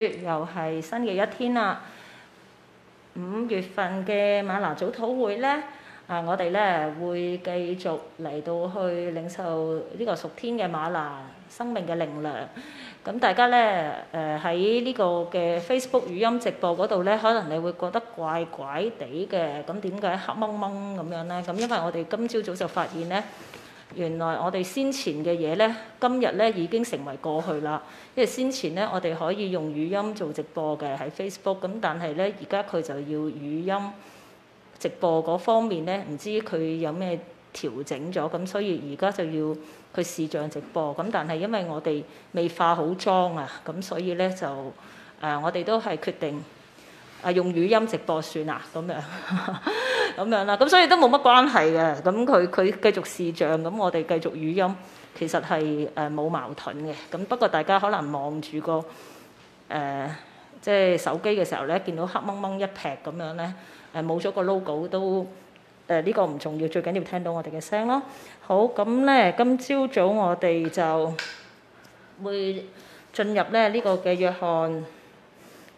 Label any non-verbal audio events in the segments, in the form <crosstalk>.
又係新嘅一天啦！五月份嘅嗎哪早禱會呢，啊，我哋呢會繼續嚟到去領受呢個屬天嘅嗎哪生命嘅靈糧。咁、嗯、大家呢誒喺呢個嘅 Facebook 語音直播嗰度呢，可能你會覺得怪怪地嘅。咁點解黑蒙蒙咁樣呢？咁因為我哋今朝早，早就發現呢。原來我哋先前嘅嘢呢，今日呢已經成為過去啦。因為先前呢，我哋可以用語音做直播嘅喺 Facebook，咁但係呢，而家佢就要語音直播嗰方面呢，唔知佢有咩調整咗，咁所以而家就要佢視像直播。咁但係因為我哋未化好妝啊，咁所以呢，就誒、呃，我哋都係決定。啊，用語音直播算啦，咁樣咁 <laughs> 樣啦，咁所以都冇乜關係嘅。咁佢佢繼續視像，咁我哋繼續語音，其實係誒冇矛盾嘅。咁不過大家可能望住個誒、呃、即係手機嘅時候咧，見到黑掹掹一劈咁樣咧，誒冇咗個 logo 都誒呢、呃這個唔重要，最緊要聽到我哋嘅聲咯。好咁咧，今朝早，早我哋就會進入咧呢、這個嘅約翰。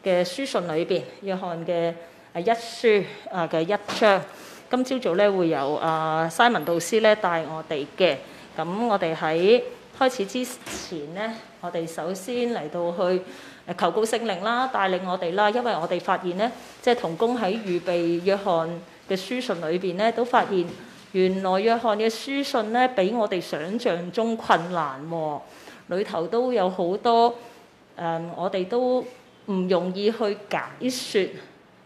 嘅書信裏邊，約翰嘅誒一書啊嘅一章，今朝早咧會由啊 Simon 導師咧帶我哋嘅。咁我哋喺開始之前咧，我哋首先嚟到去求告聖靈啦，帶領我哋啦。因為我哋發現咧，即係同工喺預備約翰嘅書信裏邊咧，都發現原來約翰嘅書信咧，比我哋想象中困難喎、哦，裏頭都有好多誒、嗯，我哋都，唔容易去解説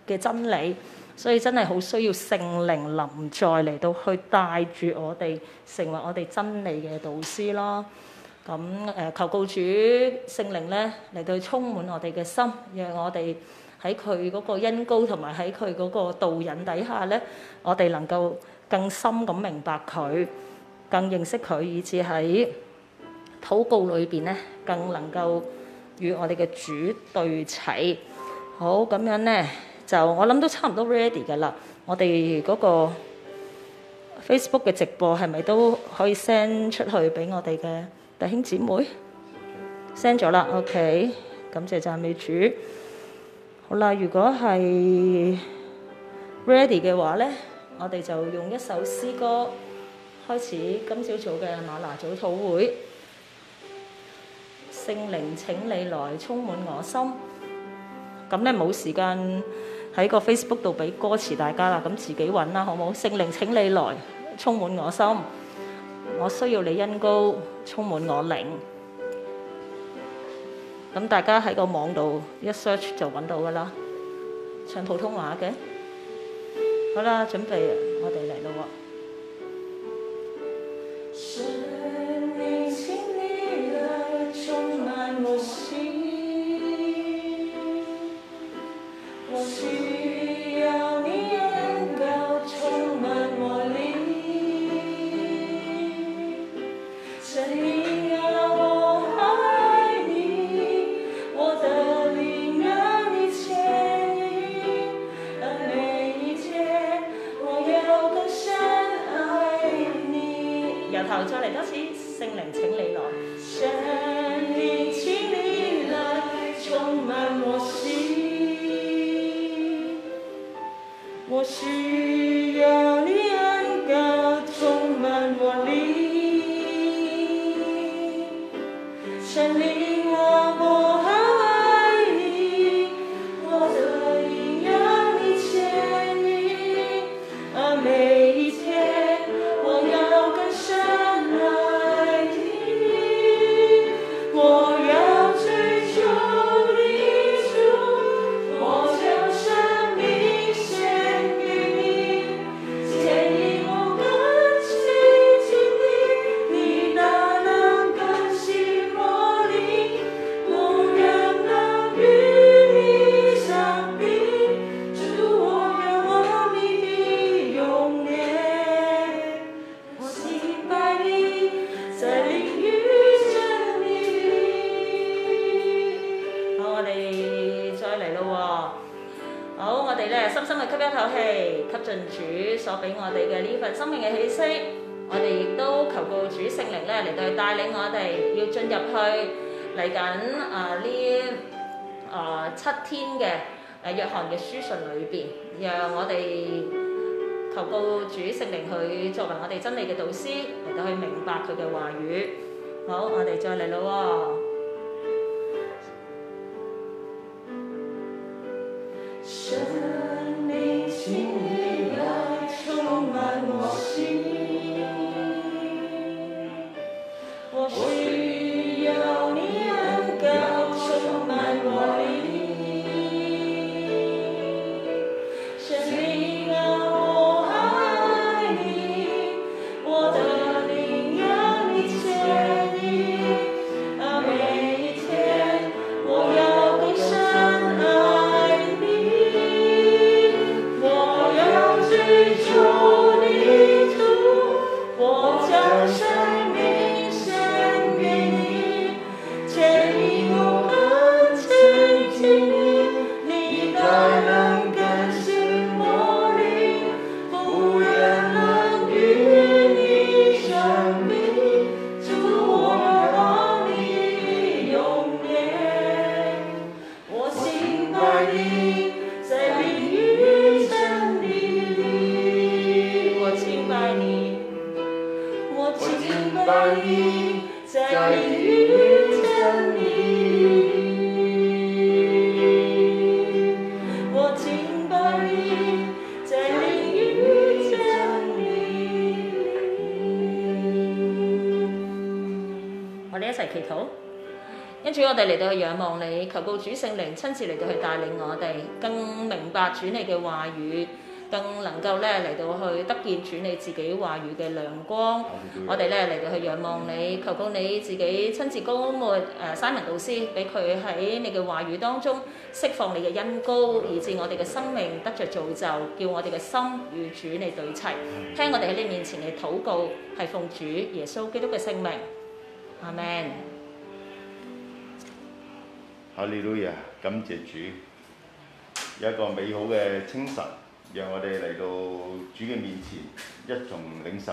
嘅真理，所以真係好需要聖靈臨在嚟到去帶住我哋，成為我哋真理嘅導師咯。咁誒、呃、求告主聖靈咧，嚟到充滿我哋嘅心，讓我哋喺佢嗰個恩膏同埋喺佢嗰個導引底下咧，我哋能夠更深咁明白佢，更認識佢，以致喺禱告裏邊咧，更能夠。與我哋嘅主對齊。好，咁樣咧，就我諗都差唔多 ready 嘅啦。我哋嗰個 Facebook 嘅直播係咪都可以 send 出去俾我哋嘅弟兄姊妹？send 咗啦 okay，感謝讚美主。好啦，如果係 ready 嘅話咧，我哋就用一首詩歌，開始今朝早嘅嗎哪早禱會。聖靈請你來充滿我心，咁呢冇時間喺個 Facebook 度俾歌詞大家啦，咁自己揾啦，好冇？聖靈請你來充滿我心，我需要你恩膏充滿我靈，咁大家喺個網度一 search 就揾到噶啦。唱普通話嘅，好啦，準備我哋嚟咯喎。勝利。到主聖靈佢作為我哋真理嘅導師嚟到去明白佢嘅話語，好，我哋再嚟咯。我哋嚟到去仰望你，求告主聖靈親自嚟到去帶領我哋，更明白主你嘅話語，更能夠咧嚟到去得見主你自己話語嘅亮光。我哋咧嚟到去仰望你，求告你自己親自膏抹誒，Simon 導師俾佢喺你嘅話語當中釋放你嘅恩膏，以致我哋嘅生命得着造就，叫我哋嘅心與主你對齊。聽我哋喺你面前嘅禱告，係奉主耶穌基督嘅聖名，阿門。哈利路亞，感謝主，有一個美好嘅清晨，讓我哋嚟到主嘅面前，一同領受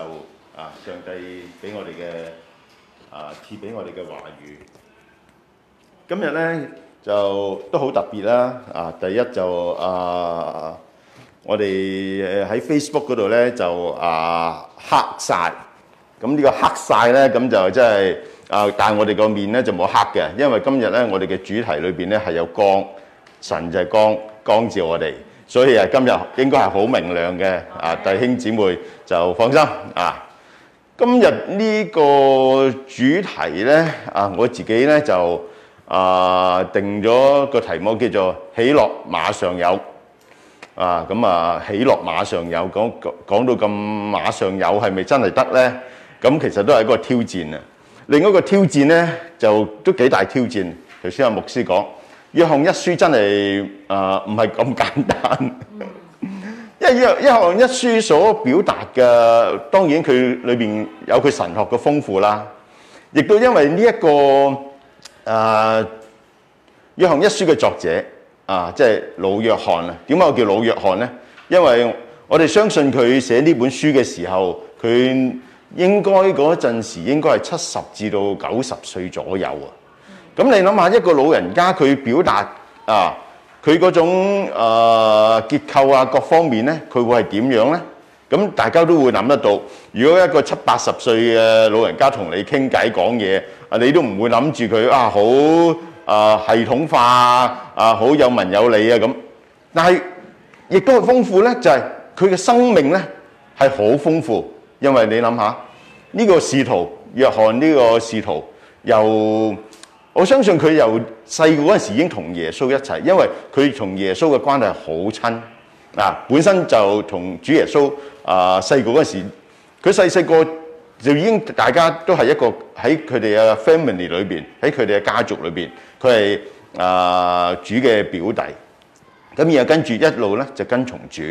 啊上帝俾我哋嘅啊賜俾我哋嘅話語。今日呢，就都好特別啦啊！第一就啊，我哋喺 Facebook 嗰度呢，就啊黑晒。咁呢個黑晒呢，咁就真係～啊！但係我哋個面咧就冇黑嘅，因為今日咧我哋嘅主題裏邊咧係有光，神就係光，光照我哋，所以啊，今日應該係好明亮嘅。啊，弟兄姊妹就放心啊！今日呢個主題咧，啊，我自己咧就啊定咗個題目叫做喜樂馬上有啊，咁啊喜樂馬上有講講講到咁馬上有係咪真係得咧？咁其實都係一個挑戰啊！另一個挑戰咧，就都幾大挑戰。頭先阿牧師講《約翰一書》真係誒唔係咁簡單， <laughs> 因為《約約翰一書》所表達嘅，當然佢裏邊有佢神學嘅豐富啦，亦都因為呢一個誒《約翰一書》嘅作者啊，即係老約翰啊。點解我叫老約翰咧？因為我哋相信佢寫呢本書嘅時候，佢，應該，呢個使徒，約翰呢個使徒，由我相信佢由細個嗰陣時已經同耶穌一齊，因為佢同耶穌嘅關係好親啊，本身就同主耶穌啊細個嗰陣時，佢細細個就已經大家都係一個喺佢哋嘅 family 裏邊，喺佢哋嘅家族裏邊，佢係啊主嘅表弟，咁然後跟住一路咧就跟從主。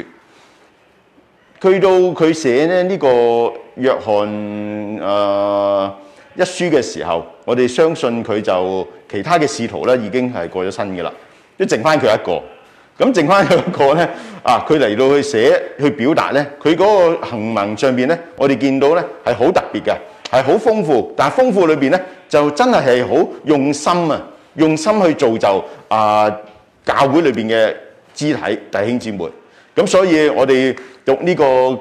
去到佢寫咧呢個約翰啊、呃、一書嘅時候，我哋相信佢就其他嘅使徒咧已經係過咗身嘅啦，都剩翻佢一個。咁剩翻佢一個咧啊，佢嚟到去寫去表達咧，佢嗰個行文上邊咧，我哋見到咧係好特別嘅，係好豐富。但係豐富裏邊咧就真係係好用心啊，用心去造就啊、呃、教會裏邊嘅肢體弟兄姊妹。咁所以我哋讀呢個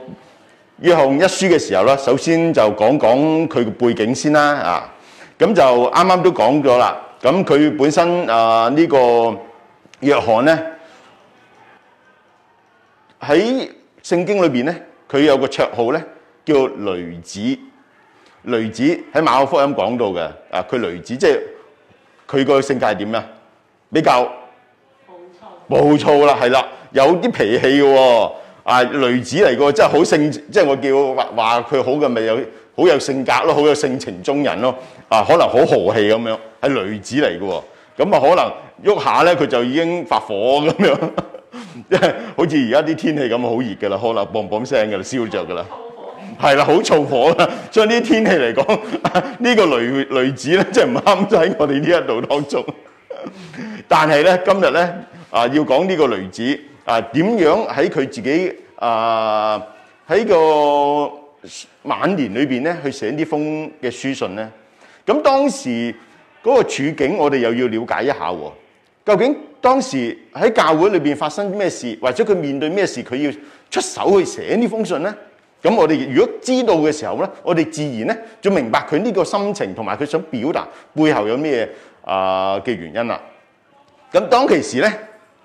約翰一書嘅時候啦，首先就講講佢嘅背景先啦啊！咁就啱啱都講咗啦。咁佢本身啊呢個約翰咧喺聖經裏邊咧，佢有個綽號咧叫雷子。雷子喺馬可福音講到嘅啊，佢雷子即係佢個性格係點啊？比較冇錯，冇錯啦，係啦。有啲脾氣嘅喎、哦，啊雷子嚟嘅，真係好性，即係我叫話話佢好嘅，咪有好有性格咯，好有性情中人咯，啊可能好豪氣咁樣，係雷子嚟嘅喎，咁啊可能喐下咧，佢就已經發火咁樣， <laughs> 樣，即係好似而家啲天氣咁，好熱嘅啦，可能砰砰聲嘅啦，燒著嘅啦，係啦， <laughs> 好燥火啦，所以呢啲天氣嚟講，呢、呢個雷雷子咧真係唔啱就喺我哋呢一度當中。 <laughs> 但係咧，今日咧啊要講呢個雷子。啊，點樣喺佢自己啊喺、呃、個晚年裏邊咧，去寫呢封嘅書信咧？咁當時嗰個處境，我哋又要了解一下喎。究竟當時喺教會裏邊發生咩事，或者佢面對咩事，佢要出手去寫呢封信咧？咁我哋如果知道嘅時候咧，我哋自然咧就明白佢呢個心情同埋佢想表達背後有咩啊嘅原因啦。咁當其時咧，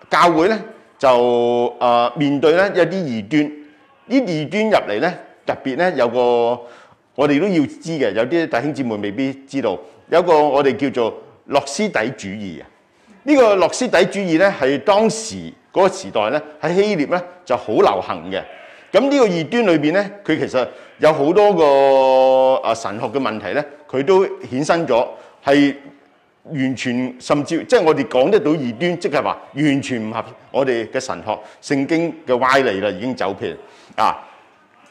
教會咧。就啊面對咧有啲異端，端呢異端入嚟咧，特別咧有個我哋都要知嘅，有啲弟兄姊妹未必知道，有個我哋叫做諾斯底主義啊。呢、呢個諾斯底主義咧，係當時嗰個時代咧喺希臘咧就好流行嘅。咁呢個異端裏邊咧，佢其實有好多個啊神學嘅問題咧，佢都衍生咗係。完全甚至即係我哋講得到異端，即係話完全唔合我哋嘅神學聖經嘅歪理啦，已經走偏啊！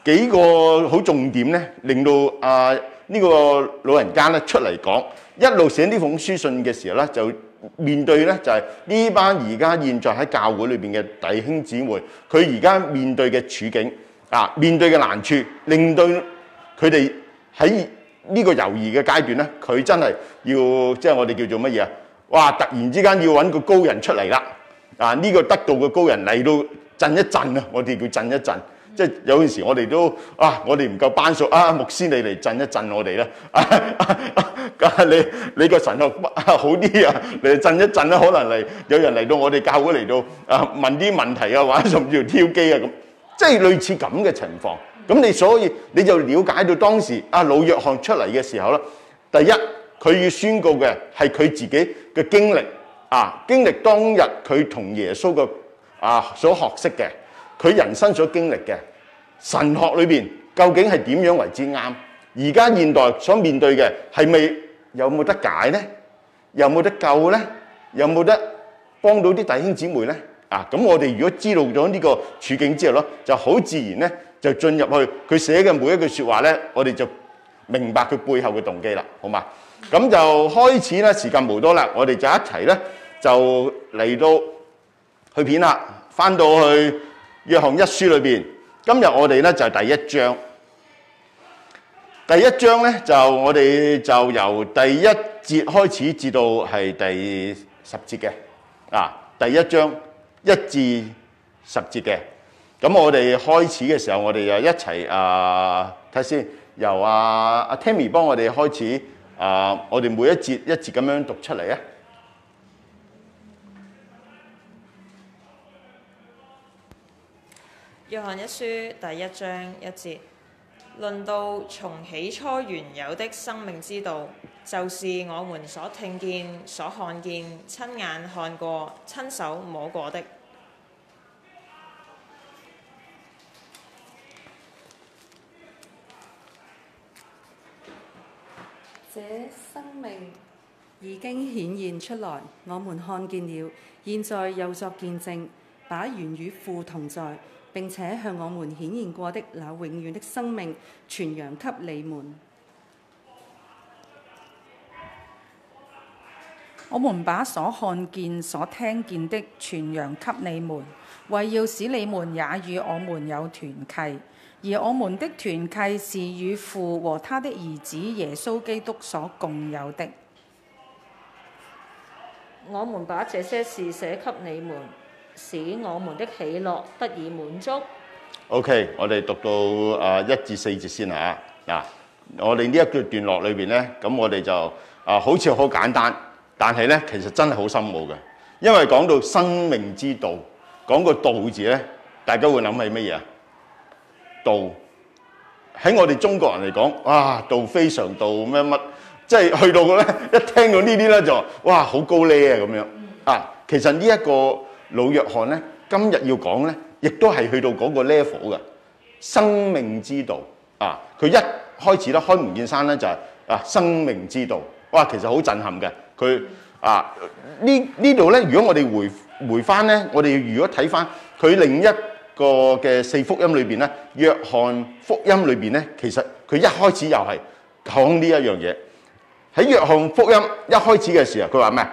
幾個好重點咧，令到啊呢個老人家咧出嚟講，一路寫呢封書信嘅時候咧，就面對咧就係呢班而家現在喺教會裏邊嘅弟兄姊妹，佢而家面對嘅處境啊，面對嘅難處，令到佢哋喺。呢個猶豫嘅階段咧，佢真係要即係我哋叫做乜嘢啊？哇！突然之間要搵個高人出嚟啦！啊，呢、這個得道嘅高人嚟到震一震，啊！我哋叫震一震。即係有陣時我哋都啊，我哋唔夠班數啊，牧師你嚟震一震我哋啦、啊啊啊！啊，你你個神學好啲啊，你震一震，啦，可能嚟有人嚟到我哋教會嚟到啊問啲問題啊，或者甚至挑機啊咁，即係類似咁嘅情況。咁你所以你就了解到當時阿老約翰出嚟嘅時候啦，第一佢要宣告嘅係佢自己嘅經歷啊，經歷當日佢同耶穌嘅啊所學識嘅，佢人生所經歷嘅神學裏邊究竟係點樣為之啱？而家現代所面對嘅係咪有冇得解咧？有冇得救咧？有冇得幫到啲弟兄姊妹咧？啊！咁我哋如果知道咗呢個處境之後咯，就好自然咧。就進入去佢寫嘅每一句説話呢，我哋就明白佢背後嘅動機啦，好嘛？咁就開始啦，時間冇多啦，我哋就一齊呢就嚟到去片啦，翻到去約翰一書裏邊，今日我哋呢就係第一章，第一章呢就我哋就由第一節開始至到係第十節嘅啊，第一章一至十節嘅。咁我哋開始嘅時候，我哋又一齊啊睇先，由阿阿、啊、Timmy 幫我哋開始啊、呃，我哋每一節一節咁樣讀出嚟啊。約翰一書第一章一節，論到從起初原有的生命之道，就是我們所聽見、所看見、親眼看過、親手摸過的。這生命已經顯現出來，我們看見了，現在又作見證，把原與父同在並且向我們顯現過的那永遠的生命，傳揚給你們。我們把所看見、所聽見的，傳揚給你們，為要使你們也與我們有團契。而我們的團契是與父和他的兒子耶穌基督所共有的。我們把這些事寫給你們，使我們的喜樂得以滿足。OK，我哋讀到啊一至四節先嚇嗱，我哋呢一段段落裏邊咧，咁我哋就啊好似好簡單，但係咧其實真係好深奧嘅，因為講到生命之道，講個道字咧，大家會諗起乜嘢？道喺我哋中國人嚟講，哇，道非常道咩乜，即係去到咧，一聽到呢啲咧就哇好高 level 咁樣啊！其實呢一個老約翰咧，今日要講咧，亦都係去到嗰個 level 嘅生命之道啊！佢一開始咧，開門見山咧就係啊生命之道，哇！其實好震撼嘅佢啊呢呢度咧，如果我哋回回翻咧，我哋如果睇翻佢另一。個嘅四福音裏邊咧，約翰福音裏邊咧，其實佢一開始又係講呢一樣嘢。喺約翰福音一開始嘅時候，佢話咩？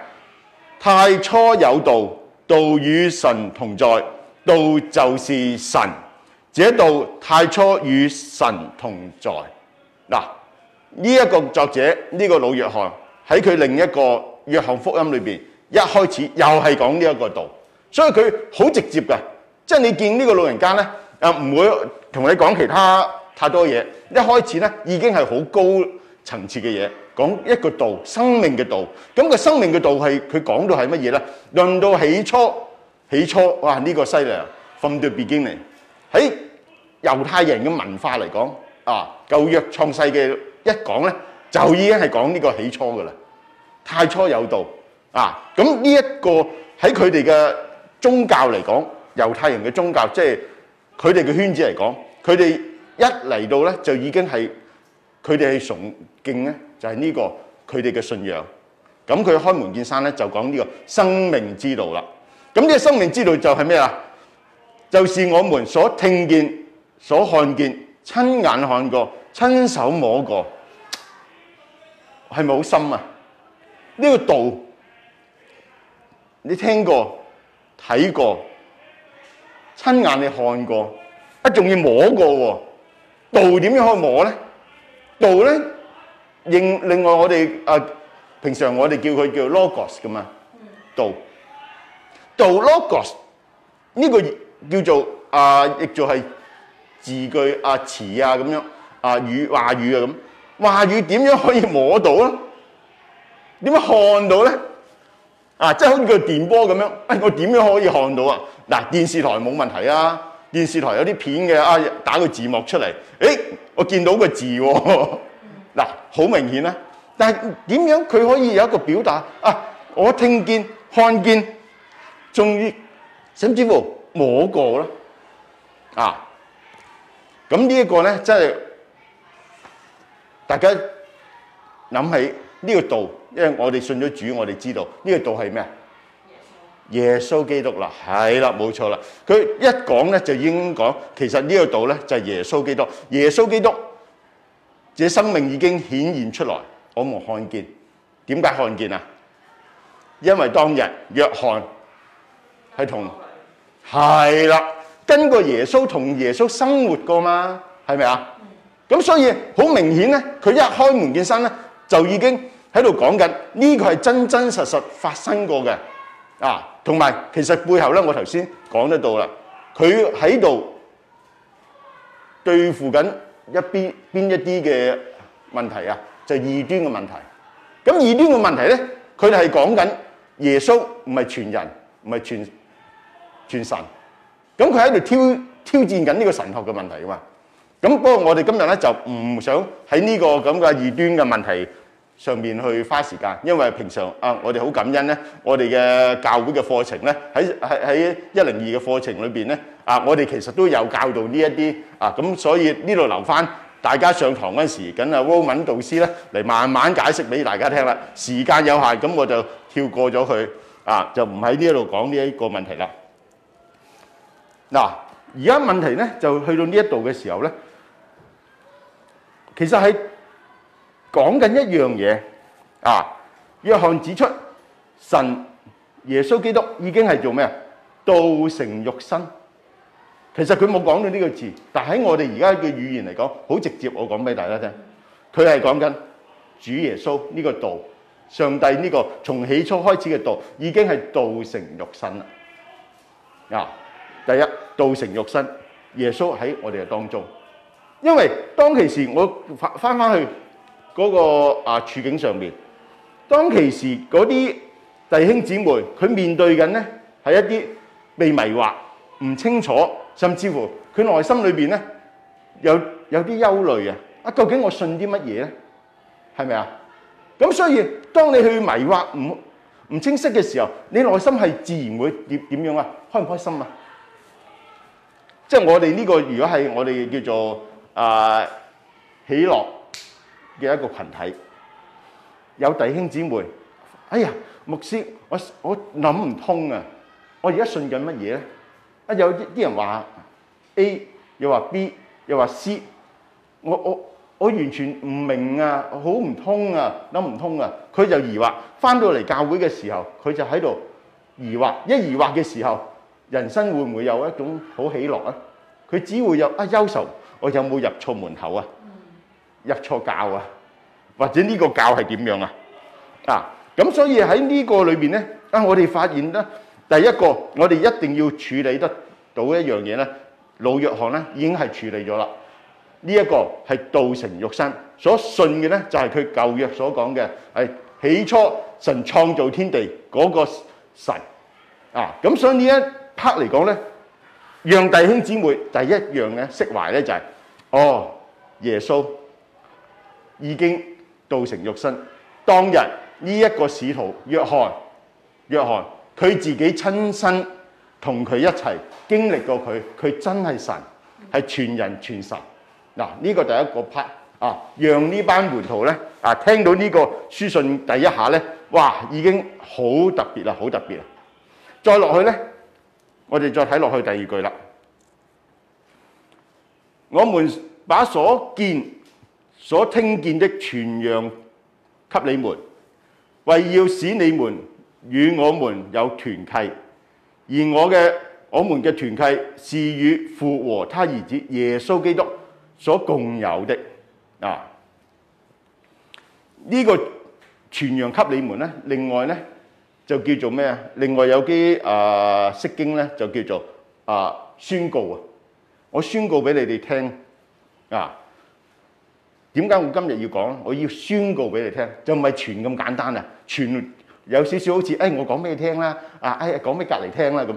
太初有道，道與神同在，道就是神。這道太初與神同在。嗱，呢一個作者呢個老約翰喺佢另一個約翰福音裏邊一開始又係講呢一個道，所以佢好直接嘅。即係你見呢個老人家咧，啊，唔會同你講其他太多嘢。一開始咧已經係好高層次嘅嘢，講一個道，生命嘅道。咁個生命嘅道係佢講到係乜嘢咧？論到起初，起初，哇呢個犀利啊！From the beginning 喺猶太人嘅文化嚟講，啊，舊約創世嘅一講咧，就已經係講呢個起初㗎啦。太初有道啊，咁呢一個喺佢哋嘅宗教嚟講。猶太人嘅宗教，即係佢哋嘅圈子嚟講，佢哋一嚟到咧，就已經係佢哋係崇敬咧，就係呢個佢哋嘅信仰。咁佢開門見山咧，就講呢個生命之道啦。咁呢個生命之道就係咩啊？就是我們所聽見、所看見、親眼看過、親手摸過，係咪好深啊？呢個道你聽過、睇過？親眼你看過，啊仲要摸過喎？道點樣可以摸咧？道咧，另另外我哋啊，平常我哋叫佢叫 logos 噶嘛，道，道 logos 呢個叫做啊，亦做係字句啊、詞啊咁樣啊、語話語啊咁，話語點樣可以摸到咧？點樣看到咧？啊，即係好似個電波咁樣，哎、我點樣可以看到啊？嗱，電視台冇問題啊，電視台有啲片嘅啊，打個字幕出嚟，誒、哎，我見到個字喎、哦，嗱、啊，好明顯啦、啊。但係點樣佢可以有一個表達啊？我聽見、看見，終於，甚至乎摸過啦，啊，咁呢一個咧，真係大家諗起呢個度。因為我哋信咗主，我哋知道呢、這個道係咩？耶穌穌、耶穌基督啦，係啦，冇錯啦。佢一講咧，就已經講其實呢個道咧就係耶穌基督。耶穌基督，這生命已經顯現出來，我們看見，點解看見啊？因為當日約翰係同係啦，跟過耶穌同耶穌生活過嘛，係咪啊？咁、嗯、所以好明顯咧，佢一開門見山咧，就已經。喺度講緊呢個係真真實實發生過嘅啊，同埋其實背後咧，我頭先講得到啦。佢喺度對付緊一邊邊一啲嘅問題啊，就係異端嘅問題。咁異端嘅問題咧，佢哋係講緊耶穌唔係全人，唔係全全神。咁佢喺度挑挑戰緊呢個神學嘅問題㗎嘛。咁不過我哋今日咧就唔想喺呢個咁嘅異端嘅問題上面去花時間，因為平常啊，我哋好感恩咧，我哋嘅教會嘅課程咧，喺喺喺一零二嘅課程裏邊咧，啊，我哋其實都有教導呢一啲啊，咁所以呢度留翻大家上堂嗰陣時，咁啊，汪敏導師咧嚟慢慢解釋俾大家聽啦。時間有限，咁我就跳過咗佢啊，就唔喺呢一度講呢一個問題啦。嗱，而家問題咧就去到呢一度嘅時候咧，其實喺講緊一樣嘢啊！約翰指出，神耶穌基督已經係做咩啊？道成肉身。其實佢冇講到呢個字，但喺我哋而家嘅語言嚟講，好直接。我講俾大家聽，佢係講緊主耶穌呢個道，上帝呢個從起初開始嘅道，已經係道成肉身啦。啊，第一，道成肉身，耶穌喺我哋嘅當中。因為當其時，我翻翻去。嗰、那個啊處境上面，當其時嗰啲弟兄姊妹，佢面對緊呢係一啲被迷惑、唔清楚，甚至乎佢內心裏邊呢有有啲憂慮啊！啊，究竟我信啲乜嘢呢？係咪啊？咁所以，當你去迷惑、唔唔清晰嘅時候，你內心係自然會點點樣開開、就是這個，啊？開唔開心啊？即係我哋呢個如果係我哋叫做啊喜樂。嘅一個群體，有弟兄姊妹，哎呀，牧師，我我諗唔通啊！我而家信緊乜嘢咧？啊，有啲人話 A，又話 B，又話 C，我我我完全唔明啊！好唔通啊，諗唔通啊！佢就疑惑，翻到嚟教會嘅時候，佢就喺度疑惑。一疑惑嘅時候，人生會唔會有一種好喜樂啊？佢只會有啊憂愁，我有冇入錯門口啊？入錯教啊，或者呢個教係點樣啊？啊咁，所以喺呢個裏邊咧，啊我哋發現咧，第一個我哋一定要處理得到一樣嘢咧，老約翰咧已經係處理咗啦。呢一個係道成肉身所信嘅咧，就係佢舊約所講嘅係起初神創造天地嗰個神啊。咁所以呢一 part 嚟講咧，讓弟兄姊妹第一樣嘅釋懷咧就係哦耶穌。已經道成肉身。當日呢一個使徒約翰，約翰佢自己親身同佢一齊經歷過佢，佢真係神，係全人全神。嗱，呢個第一個 part 啊，讓呢班門徒咧啊聽到呢個書信第一下咧，哇，已經好特別啦，好特別啦！再落去咧，我哋再睇落去第二句啦。我們把所見所聽見的傳揚給你們，為要使你們與我們有團契。而我嘅、我們嘅團契是與父和他兒子耶穌基督所共有的啊。呢、這個傳揚給你們呢，另外呢，就叫做咩啊？另外有啲啊，釋經呢，就叫做啊宣告啊。我宣告俾你哋聽啊。點解我今日要講？我要宣告俾你聽，就唔係傳咁簡單啊！傳有少少好似，誒我講俾你聽啦，啊誒講俾隔籬聽啦咁。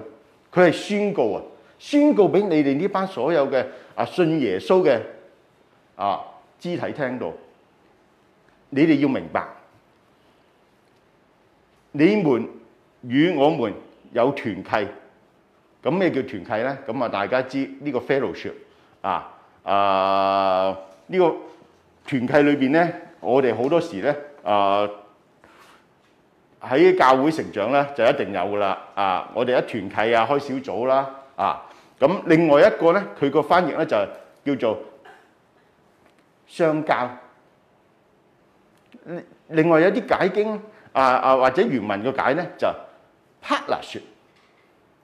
佢係宣告啊！宣告俾你哋呢班所有嘅啊信耶穌嘅啊肢體聽到，你哋要明白，你們與我們有團契。咁咩叫團契咧？咁啊大家知呢個 fellowship 啊啊呢個。團契裏邊咧，我哋好多時咧，啊喺教會成長咧就一定有噶啦，啊我哋一團契啊開小組啦，啊咁另外一個咧，佢個翻譯咧就叫做相交。另外有啲解經啊啊或者原文嘅解咧就 partnership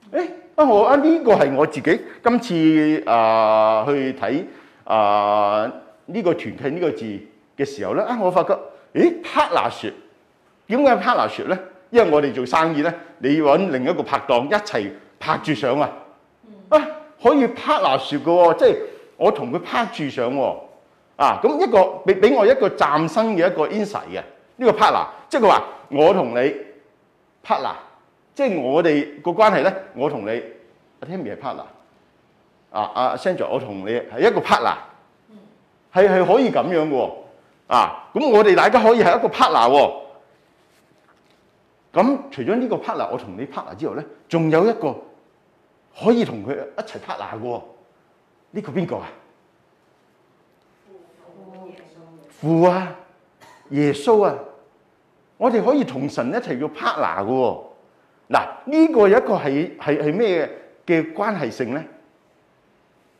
説，誒啊我啊呢個係我自己今次啊去睇啊。呢個團契呢個字嘅時候咧，啊，我發覺，咦，partnership，點解 partnership 咧？因為我哋做生意咧，你要揾另一個拍檔一齊拍住上啊，啊，可以 partnership 嘅喎、哦，即係我同佢拍住上喎啊，咁一個俾俾我一個嶄新嘅一個 insight 嘅，呢個 partner，即係佢話我同你 partner，即係我哋個關係咧，我同你，阿 Timmy 係 partner，啊，阿 Sandra，我同你係一個 partner。係係可以咁樣嘅、啊，啊！咁我哋大家可以係一個 partner 喎、啊。咁、啊、除咗呢個 partner，我同你 partner 之後咧，仲有一個可以同佢一齊 partner 嘅。呢個邊個啊？這個、啊穌父啊，耶穌啊，我哋可以同神一齊叫 partner 嘅。嗱、啊，呢、呢個有一個係係係咩嘅關係性咧？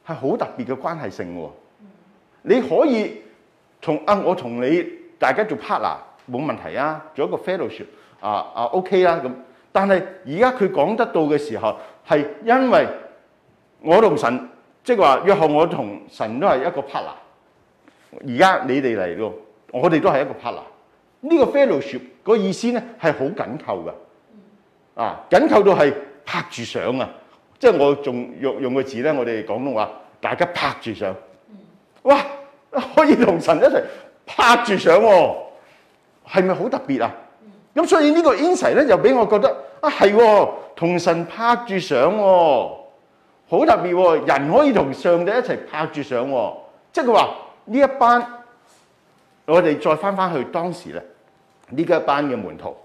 係好特別嘅關係性嘅、啊。你可以同啊，我同你大家做 partner 冇問題啊，做一個 fellowship 啊啊 OK 啦、啊、咁。但係而家佢講得到嘅時候，係因為我同神即係話約翰，我同神都係一個 partner。而家你哋嚟咯，我哋都係一個 partner。呢個 fellowship 嗰意思咧，係好緊扣㗎，啊緊扣到係拍住上啊！即係我仲用用個字咧，我哋廣東話大家拍住上。哇！可以同神一齊拍住相喎，係咪好特別啊？咁、嗯、所以個呢個訊息咧，就俾我覺得啊，係同神拍住相喎，好特別喎、啊！人可以同上帝一齊拍住相喎，即係佢話呢一班，我哋再翻翻去當時咧，呢一班嘅門徒，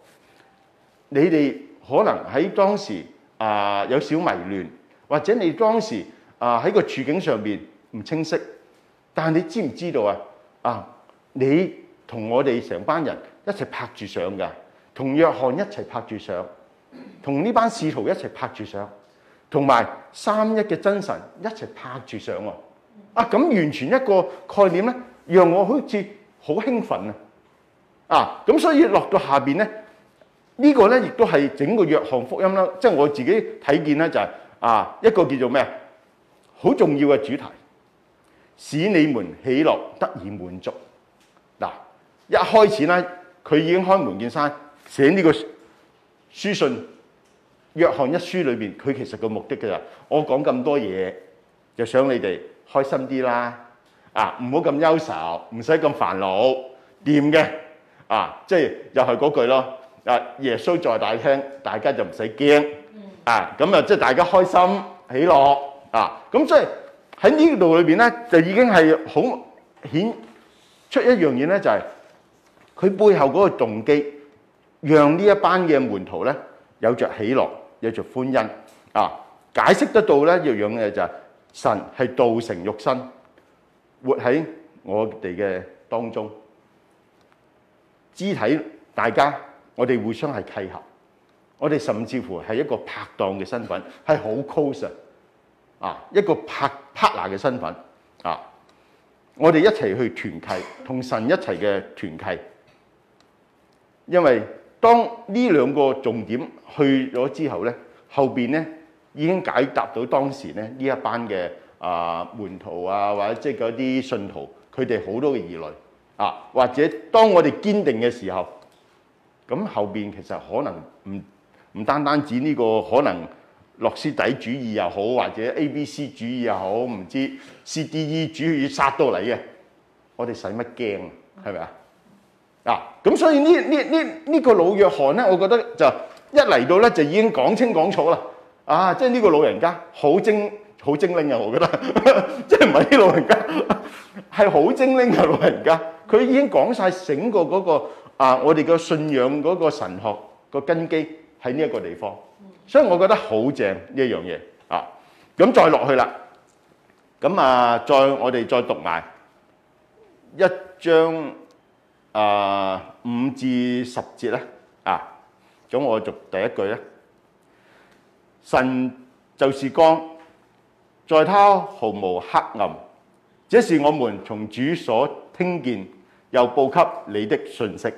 你哋可能喺當時啊、呃、有少迷亂，或者你當時啊喺、呃、個處境上面唔清晰。但係你知唔知道啊？啊，你同我哋成班人一齊拍住上噶同約翰一齊拍住上，同呢班使徒一齊拍住上，同埋三一嘅真神一齊拍住上啊，咁完全一個概念咧，讓我好似好興奮啊！啊，咁所以落到下邊咧，呢個咧亦都係整個約翰福音啦，即係我自己睇見咧就係啊一個叫做咩啊，好重要嘅主題。使你們喜樂得以滿足。嗱，一開始咧，佢已經開門見山寫呢個書信。約翰一書裏邊，佢其實個目的嘅就，我講咁多嘢，就想你哋開心啲啦。啊，唔好咁憂愁，唔使咁煩惱，掂嘅。啊，即係又係嗰句咯。啊，耶穌在大廳，大家就唔使驚。啊，咁啊，即係大家開心喜樂。啊，咁、嗯啊、即係。喺呢度裏邊咧，就已經係好顯出一樣嘢咧，就係、是、佢背後嗰個動機，讓呢一班嘅門徒咧有着喜樂，有着歡欣啊！解釋得到咧、就是，一樣嘢，就係神係道成肉身，活喺我哋嘅當中，肢體大家，我哋互相係契合，我哋甚至乎係一個拍檔嘅身份，係好 close。啊！一個 partner 嘅身份啊，我哋一齊去團契，同神一齊嘅團契。因為當呢兩個重點去咗之後呢，後邊呢已經解答到當時呢呢一班嘅啊門徒啊，或者即係嗰啲信徒，佢哋好多嘅疑慮啊。或者當我哋堅定嘅時候，咁後邊其實可能唔唔單單止呢個可能。諾斯底主義又好，或者 A、B、C 主義又好，唔知 C、D、E 主義殺到你嘅，我哋使乜驚啊？係咪啊？嗱，咁所以呢呢呢呢個老約翰咧，我覺得就一嚟到咧就已經講清講楚啦。啊，即係呢個老人家好精好精靈啊！我覺得， <laughs> 即係唔係啲老人家係好精靈嘅老人家，佢 <laughs> 已經講晒整個嗰、那個啊，我哋嘅信仰嗰個神學個根基喺呢一個地方。所以我覺得好正呢樣嘢啊！咁再落去啦，咁啊再我哋再讀埋一章啊五至十節咧啊，咁我讀第一句咧，神就是光，在他毫無黑暗，這是我們從主所聽見又報給你的信息。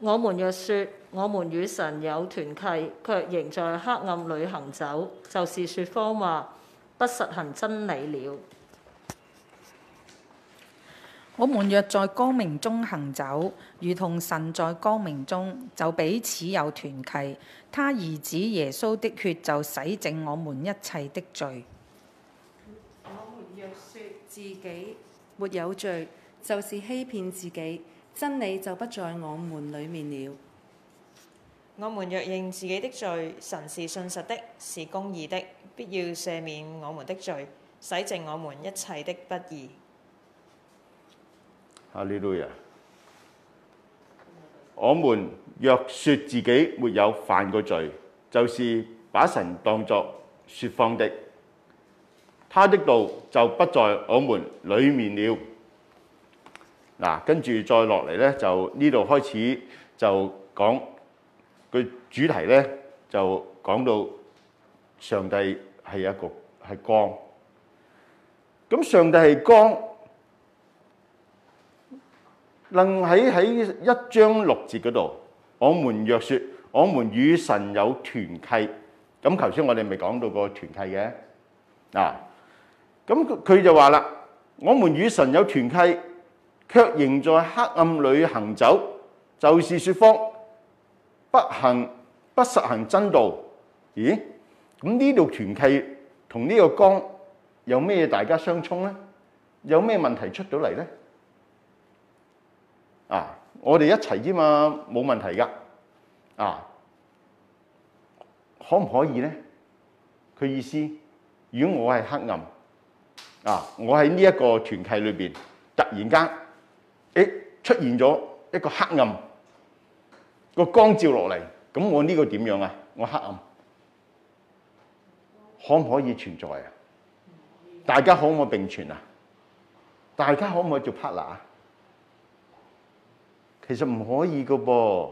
我們若說。我們與神有團契，卻仍在黑暗裏行走，就是説謊話，不實行真理了。我們若在光明中行走，如同神在光明中，就彼此有團契。他兒子耶穌的血就洗淨我們一切的罪。我們若説自己沒有罪，就是欺騙自己，真理就不在我們裏面了。我們若認自己的罪，神是信實的，是公義的，必要赦免我們的罪，洗淨我們一切的不義。哈利路亞！我們若説自己沒有犯過罪，就是把神當作説謊的，他的道就不在我們裡面了。嗱，跟住再落嚟呢，就呢度開始就講。佢主題咧就講到上帝係一個係光，咁上帝係光，楞喺喺一章六節嗰度，我們若説我們與神有團契，咁頭先我哋咪講到個團契嘅，啊，咁佢就話啦，我們與神有團契，卻仍在黑暗裏行走，就是説謊。不行，不實行真道，咦？咁呢度團契同呢個光有咩大家相衝咧？有咩問題出到嚟咧？啊！我哋一齊啫嘛，冇問題㗎。啊，可唔可以咧？佢意思，如果我係黑暗，啊，我喺呢一個團契裏邊，突然間，咦，出現咗一個黑暗。個光照落嚟，咁我呢個點樣啊？我黑暗，可唔可以存在啊？大家可唔可以並存啊？大家可唔可以做 partner 啊？其實唔可以㗎噃，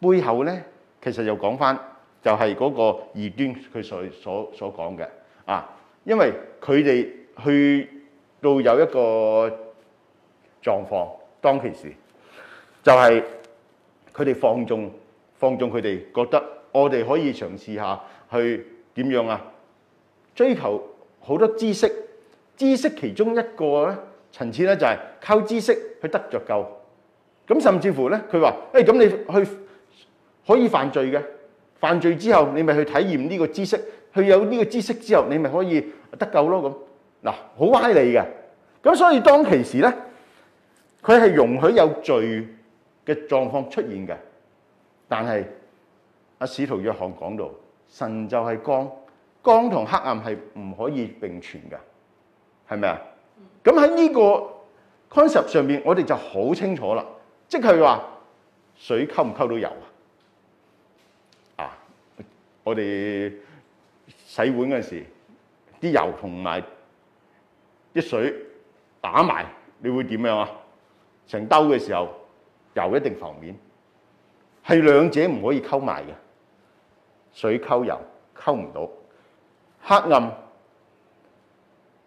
背後咧其實又講返，就係嗰個異端佢所所所講嘅啊，因為佢哋去到有一個狀況，當其時。就係佢哋放縱，放縱佢哋覺得我哋可以嘗試下去點樣啊？追求好多知識，知識其中一個咧層次咧就係、是、靠知識去得着救。咁甚至乎咧，佢話，誒、欸，咁你去可以犯罪嘅，犯罪之後你咪去體驗呢個知識，去有呢個知識之後，你咪可以得救咯。咁嗱，好歪理嘅。咁所以當其時咧，佢係容許有罪嘅狀況出現嘅，但係阿使徒約翰講到，神就係光，光同黑暗係唔可以並存嘅，係咪啊？咁喺呢個 concept 上面，我哋就好清楚啦。即係話水溝唔溝到油啊！啊，我哋洗碗嗰陣時，啲油同埋啲水打埋，你會點樣啊？成兜嘅時候。油一定浮面，係兩者唔可以溝埋嘅。水溝油溝唔到，黑暗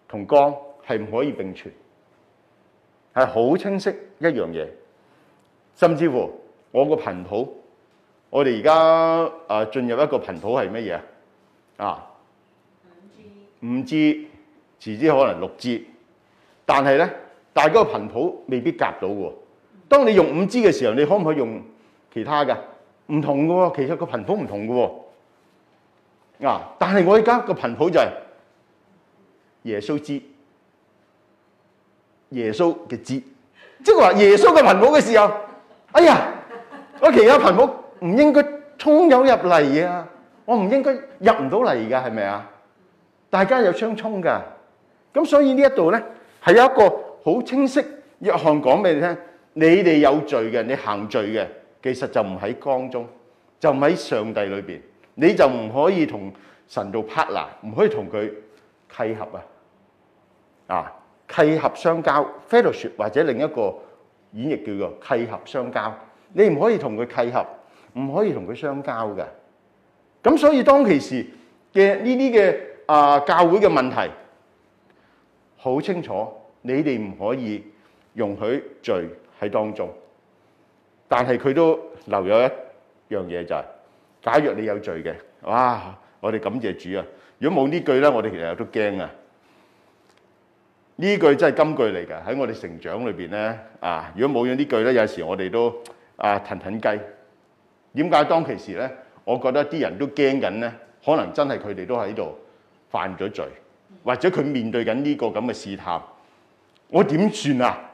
同光係唔可以並存，係好清晰一樣嘢。甚至乎我個頻譜，我哋而家啊進入一個頻譜係乜嘢啊？五 G，五 G 遲啲可能六 G，但係咧，但係嗰個頻譜未必夾到喎。當你用 5G 嘅時候，你可唔可以用其他嘅？唔同嘅喎，其實個頻譜唔同嘅喎。啊，但係我而家個頻譜就係耶穌 G，耶穌嘅 G，即係話耶穌嘅頻譜嘅時候。哎呀，我其他頻譜唔應該衝有入嚟啊！我唔應該入唔到嚟㗎，係咪啊？大家有相衝㗎。咁所以呢一度呢，係有一個好清晰，約翰講俾你聽。你哋有罪嘅，你行罪嘅，其實就唔喺光中，就唔喺上帝裏邊，你就唔可以同神做 partner，唔可以同佢契合啊啊！契合相交 （fellowship） 或者另一個演繹叫做契合相交，你唔可以同佢契合，唔可以同佢相交嘅。咁所以當其時嘅呢啲嘅啊，教會嘅問題好清楚，你哋唔可以容許罪。喺當中，但係佢都留有一樣嘢就係：假若你有罪嘅，哇！我哋感謝主啊！如果冇呢句咧，我哋其實都驚啊！呢句真係金句嚟㗎。喺我哋成長裏邊咧，啊！如果冇咗呢句咧，有時我哋都啊騰騰雞。點解？當其時咧，我覺得啲人都驚緊咧？可能真係佢哋都喺度犯咗罪，或者佢面對緊呢個咁嘅試探，我點算啊？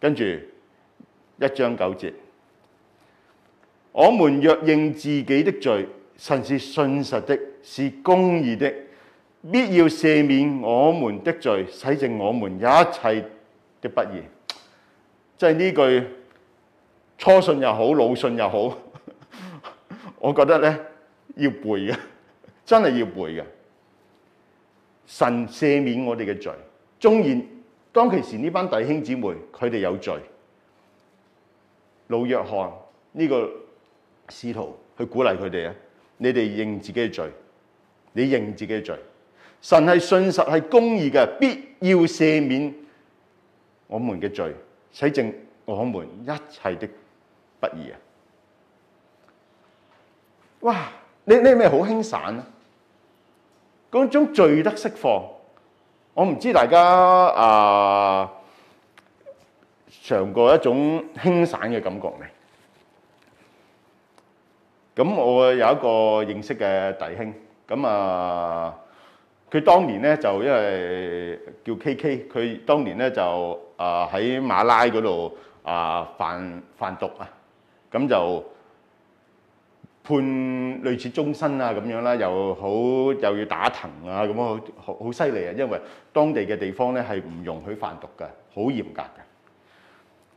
跟住。一章九節。我們若認自己的罪，神是信實的，是公義的，必要赦免我們的罪，洗淨我們一切的不義。即係呢句，初信又好，老信又好， <laughs> 我覺得呢要背嘅，真係要背嘅。神赦免我哋嘅罪，縱然當其時呢班弟兄姊妹，佢哋有罪。老約翰呢，這個使徒去鼓勵佢哋啊！你哋認自己嘅罪，你認自己嘅罪，神係信實係公義嘅，必要赦免我們嘅罪，洗淨我們一切的不義啊！哇！呢呢咩好輕散啊？嗰種罪得釋放，我唔知大家啊。呃嘗過一種輕散嘅感覺未？咁我有一個認識嘅弟兄，咁啊，佢當年咧就因為叫 K K，佢當年咧就啊喺馬拉嗰度啊販販毒啊，咁就判類似終身啊咁樣啦，又好又要打藤啊咁樣，好好犀利啊！因為當地嘅地方咧係唔容許販毒嘅，好嚴格嘅。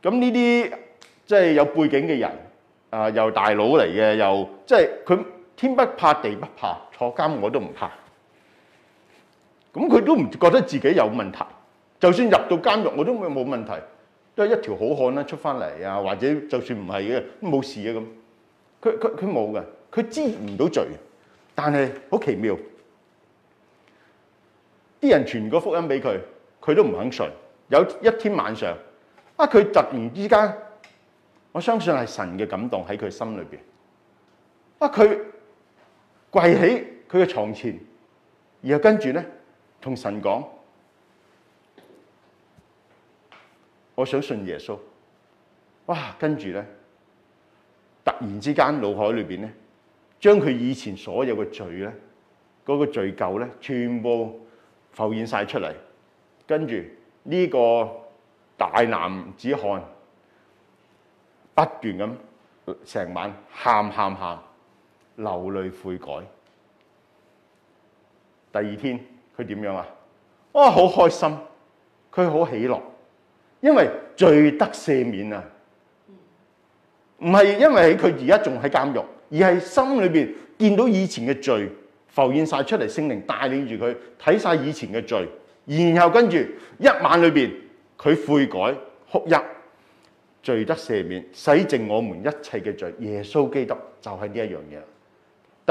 咁呢啲即係有背景嘅人，啊又大佬嚟嘅，又即係佢天不怕地不怕，坐監我都唔怕。咁佢都唔覺得自己有問題，就算入到監獄我都冇問題，都係一條好漢啦，出翻嚟啊！或者就算唔係嘅冇事嘅咁。佢佢佢冇嘅，佢知唔到罪，但係好奇妙，啲人傳個福音俾佢，佢都唔肯信。有一天晚上。啊！佢突然之間，我相信係神嘅感動喺佢心裏邊。啊！佢跪喺佢嘅床前，然後跟住咧同神講：我想信耶穌。哇！跟住咧，突然之間腦海裏邊咧，將佢以前所有嘅罪咧，嗰個罪咎咧，全部浮現晒出嚟。跟住呢個。大男子漢不斷咁成晚喊喊喊，流淚悔改。第二天佢點樣啊？啊，好開心，佢好喜樂，因為罪得赦免啊！唔係因為喺佢而家仲喺監獄，而係心裏邊見到以前嘅罪浮現晒出嚟，聖靈帶領住佢睇晒以前嘅罪，然後跟住一晚裏邊。佢悔改、哭泣、罪得赦免、洗淨我們一切嘅罪，耶穌基督就係呢一樣嘢。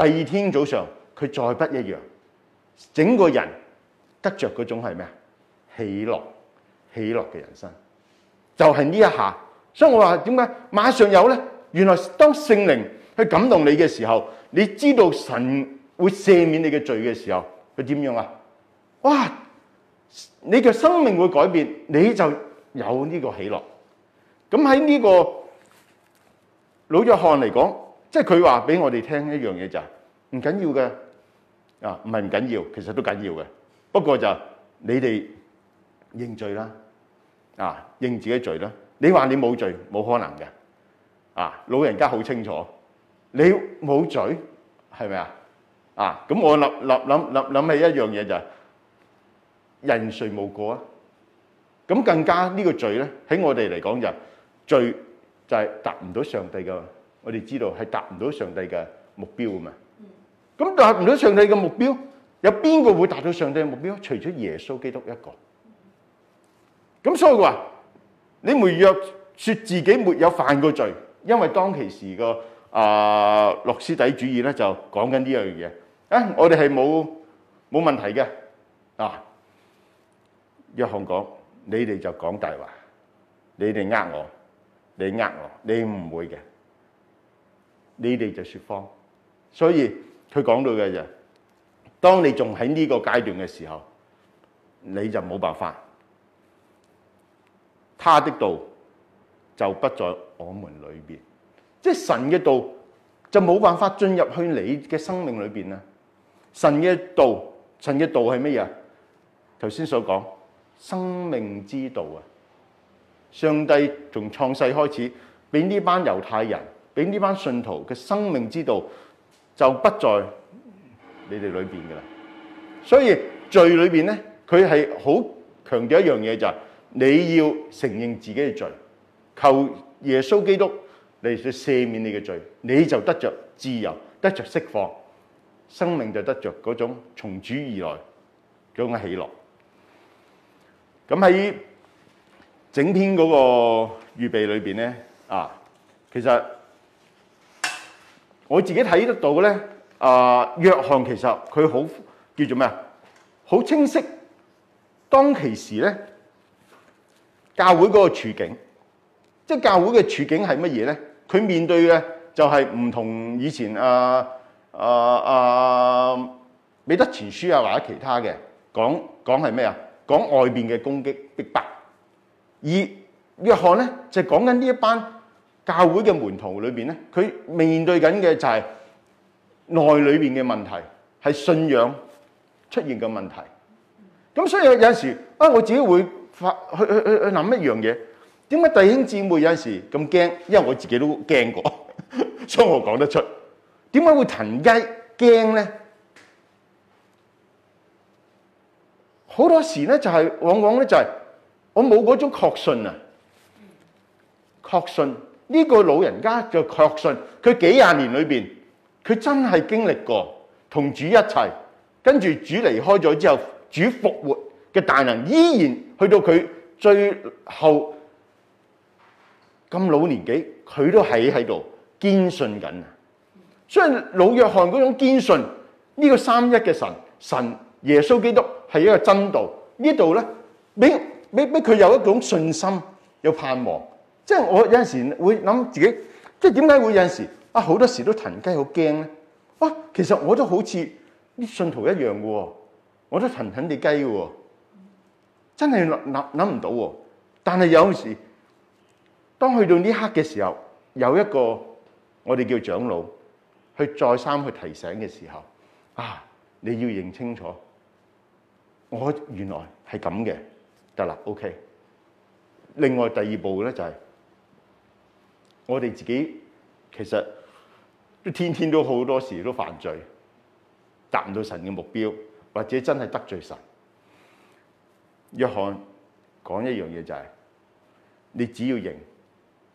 第二天早上佢再不一樣，整個人得着嗰種係咩啊？喜樂、喜樂嘅人生就係呢一下。所以我話點解馬上有咧？原來當聖靈去感動你嘅時候，你知道神會赦免你嘅罪嘅時候，佢點樣啊？哇！你嘅生命會改變，你就有呢個喜樂。咁喺呢個老約翰嚟講，即係佢話俾我哋聽一樣嘢就係唔緊要嘅，啊唔係唔緊要，其實都緊要嘅。不過就你哋認罪啦，啊認自己罪啦。你話你冇罪，冇可能嘅。啊老人家好清楚，你冇罪係咪啊？啊咁我諗諗諗諗諗起一樣嘢就係。人誰冇過啊，咁更加呢個罪咧，喺我哋嚟講就罪就係達唔到上帝嘅。我哋知道係達唔到上帝嘅目標啊嘛。咁達唔到上帝嘅目標，有邊個會達到上帝嘅目標？除咗耶穌基督一個。咁所以話你梅約說自己沒有犯過罪，因為當其時個啊諾斯底主義咧就講緊呢樣嘢啊，我哋係冇冇問題嘅啊。約翰講：你哋就講大話，你哋呃我，你呃我，你唔會嘅。你哋就說謊，所以佢講到嘅就當你仲喺呢個階段嘅時候，你就冇辦法。他的道就不在我們裏邊，即係神嘅道就冇辦法進入去你嘅生命裏邊啊！神嘅道，神嘅道係乜嘢啊？頭先所講。生命之道啊！上帝從創世開始，俾呢班猶太人，俾呢班信徒嘅生命之道就不在你哋裏邊嘅啦。所以罪裏邊咧，佢係好強調一樣嘢就係，你要承認自己嘅罪，求耶穌基督嚟到赦免你嘅罪，你就得着自由，得着釋放，生命就得着嗰種從主而來嗰種喜樂。咁喺整篇嗰個預備裏邊咧，啊，其實我自己睇得到咧，啊，約翰其實佢好叫做咩啊？好清晰，當其時咧，教會嗰個處境，即係教會嘅處境係乜嘢咧？佢面對嘅就係唔同以前啊啊啊彼得前書啊或者其他嘅講講係咩啊？講外邊嘅攻擊逼迫，而約翰咧就係講緊呢一班教會嘅門徒裏邊咧，佢面對緊嘅就係內裏邊嘅問題，係信仰出現嘅問題。咁 <music> 所以有陣時啊，我自己會發去去去去諗一樣嘢，點解弟兄姊妹有陣時咁驚？因為我自己都驚過， <laughs> 所以我講得出點解會騰雞驚咧。好多時咧、就係，就係往往咧，就係我冇嗰種確信啊！確信呢、呢個老人家嘅確信，佢幾廿年裏邊，佢真係經歷過同主一齊，跟住主離開咗之後，主復活嘅大能，依然去到佢最後咁老年紀，佢都喺喺度堅信緊啊！所以老約翰嗰種堅信呢、呢個三一嘅神，神耶穌基督。係一個真道，呢度咧，俾俾俾佢有一種信心，有盼望。即係我有陣時會諗自己，即係點解會有陣時啊好多時都騰雞好驚咧？啊，其實我都好似啲信徒一樣嘅喎，我都騰騰地雞嘅喎，真係諗諗唔到喎。但係有時當去到呢刻嘅時候，有一個我哋叫長老去再三去提醒嘅時候，啊，你要認清楚。我原來係咁嘅，得啦。OK。另外第二步咧就係、是，我哋自己其實都天天都好多時都犯罪，達唔到神嘅目標，或者真係得罪神。約翰講一樣嘢就係、是，你只要認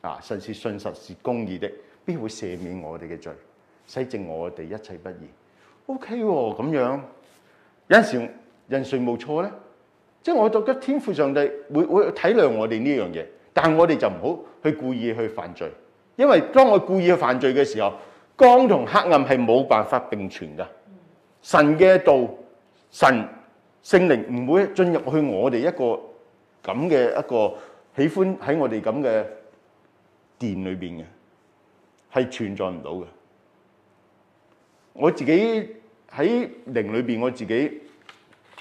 啊，神是信實是公義的，必會赦免我哋嘅罪，洗淨我哋一切不義。OK 喎、哦，咁樣有陣時。人誰冇錯咧，即係我覺得天父上帝會會體諒我哋呢樣嘢，但係我哋就唔好去故意去犯罪，因為當我故意去犯罪嘅時候，光同黑暗係冇辦法並存嘅。神嘅道、神聖靈唔會進入去我哋一個咁嘅一個喜歡喺我哋咁嘅殿裏邊嘅，係存在唔到嘅。我自己喺靈裏邊，我自己。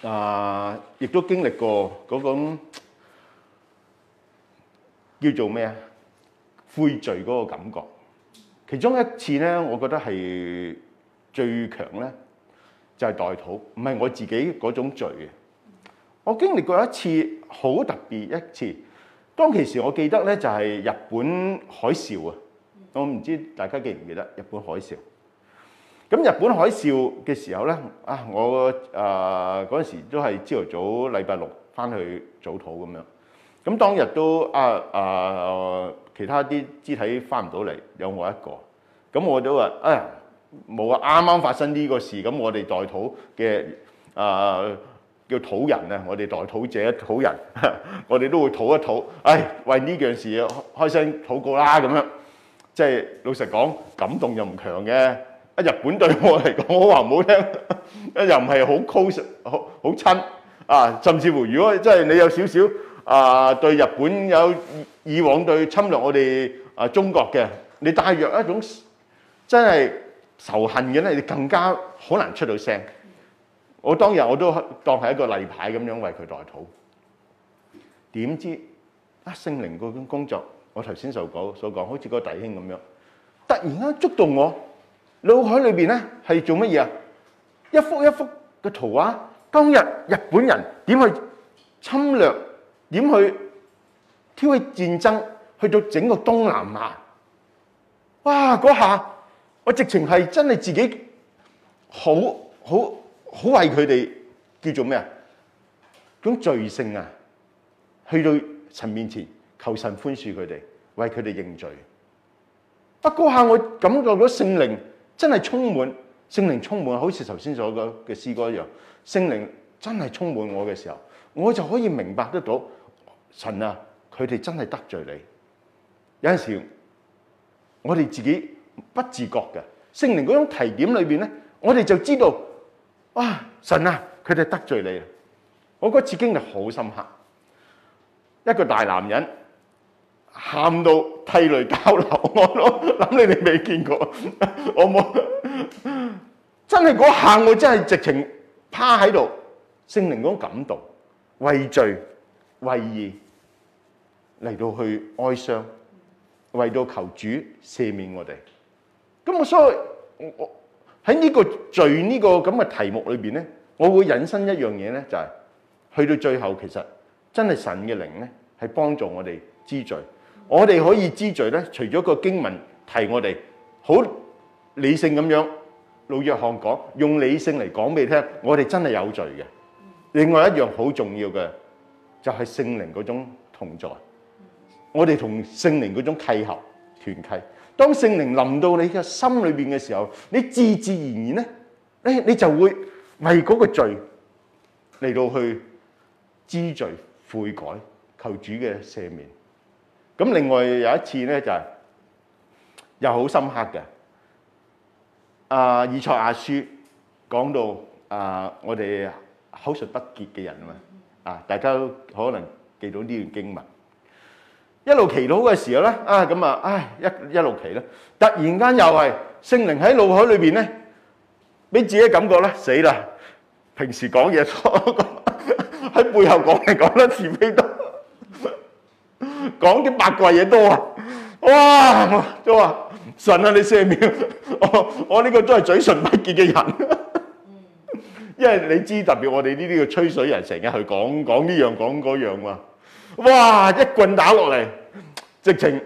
啊！亦都經歷過嗰種叫做咩啊？悔罪嗰個感覺。其中一次咧，我覺得係最強咧，就係代禱，唔係我自己嗰種罪嘅。我經歷過一次好特別一次，當其時我記得咧，就係日本海嘯啊！我唔知大家記唔記得日本海嘯？咁日本海嘯嘅時候咧，啊，我誒嗰陣時都係朝頭早禮拜六返去早禱咁樣，咁當日都啊啊、呃呃、其他啲肢體返唔到嚟，有我一個，咁我都話啊冇啊啱啱發生呢個事，咁我哋代禱嘅誒、呃、叫禱人啊，我哋代禱者禱人，我哋 <laughs> 都會禱一禱，唉，為呢件事開聲禱告啦咁樣，即係老實講，感動又唔強嘅。啊！日本對我嚟講，我話唔好聽，啊又唔係好 close，好好親啊！甚至乎，如果即係你有少少啊對日本有以往對侵略我哋啊中國嘅，你帶約一種真係仇恨嘅咧，你更加好難出到聲。我當日我都當係一個例牌咁樣為佢代禱，點知啊聖靈嗰種工作，我頭先就講所講，好似個弟兄咁樣，突然間捉到我。腦海裏面咧，係做乜嘢啊？一幅一幅嘅圖畫，當日日本人點去侵略，點去挑起戰爭，去到整個東南亞。哇！嗰下我直情係真係自己好好好為佢哋叫做咩啊？種罪性啊，去到神面前求神寬恕佢哋，為佢哋認罪。啊！嗰下我感覺到聖靈。真係充滿，聖靈充滿，好似頭先所講嘅詩歌一樣。聖靈真係充滿我嘅時候，我就可以明白得到神啊，佢哋真係得罪你。有陣時，我哋自己不自覺嘅聖靈嗰種提點裏邊咧，我哋就知道啊，神啊，佢哋得罪你。我嗰次經歷好深刻，一個大男人。喊到涕淚交流，我諗你哋未見過，我冇。真係嗰下，我真係直情趴喺度，聖靈嗰種感動、畏罪、畏意，嚟到去哀傷，為到求主赦免我哋。咁我所以，我我喺呢個罪呢個咁嘅題目裏邊咧，我會引申一樣嘢咧，就係去到最後，其實真係神嘅靈咧，係幫助我哋知罪。我哋可以知罪咧，除咗個經文提我哋好理性咁樣，老約翰講，用理性嚟講俾你聽，我哋真係有罪嘅。另外一樣好重要嘅就係聖靈嗰種同在，我哋同聖靈嗰種契合團契。當聖靈臨到你嘅心裏邊嘅時候，你自自然然咧，誒，你就會為嗰個罪嚟到去知罪悔改，求主嘅赦免。咁另外有一次咧，就係又好深刻嘅。阿以賽亞書講到啊，我哋口述不潔嘅人啊嘛，啊大家都可能記到呢段經文。一路祈禱嘅時候咧，啊咁啊，唉一一路祈咧，突然間又係聖靈喺腦海裏邊咧，俾自己感覺咧死啦！平時講嘢錯喺背後講嚟講啦，慈悲。講啲八卦嘢多啊！哇，我話神啊！你赦免我，我呢個都係嘴唇不潔嘅人，因為你知特別我哋呢啲嘅吹水人，成日去講講呢樣講嗰樣啊。哇！一棍打落嚟，直情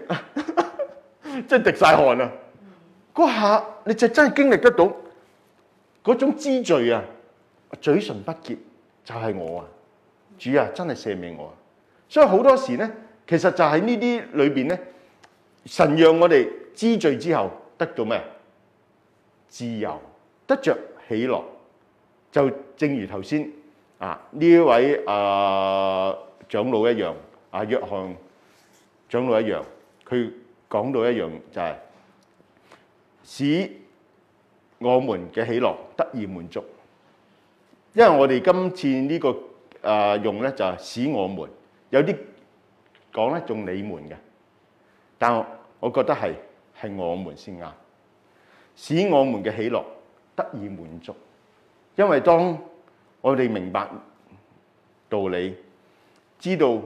即係滴曬汗啊！嗰下你就真係經歷得到嗰種知罪啊！嘴唇不潔就係我啊！主啊，真係赦免我啊！所以好多時咧。其實就喺呢啲裏邊咧，神讓我哋知罪之後得到咩？自由，得著喜樂。就正如頭先啊呢一位啊長老一樣，啊約翰長老一樣，佢講到一樣就係使我們嘅喜樂得以滿足。因為我哋今次呢個啊用咧就係使我們有啲。講咧仲你們嘅，但我覺得係係我們先啱，使我們嘅喜樂得以滿足。因為當我哋明白道理、知道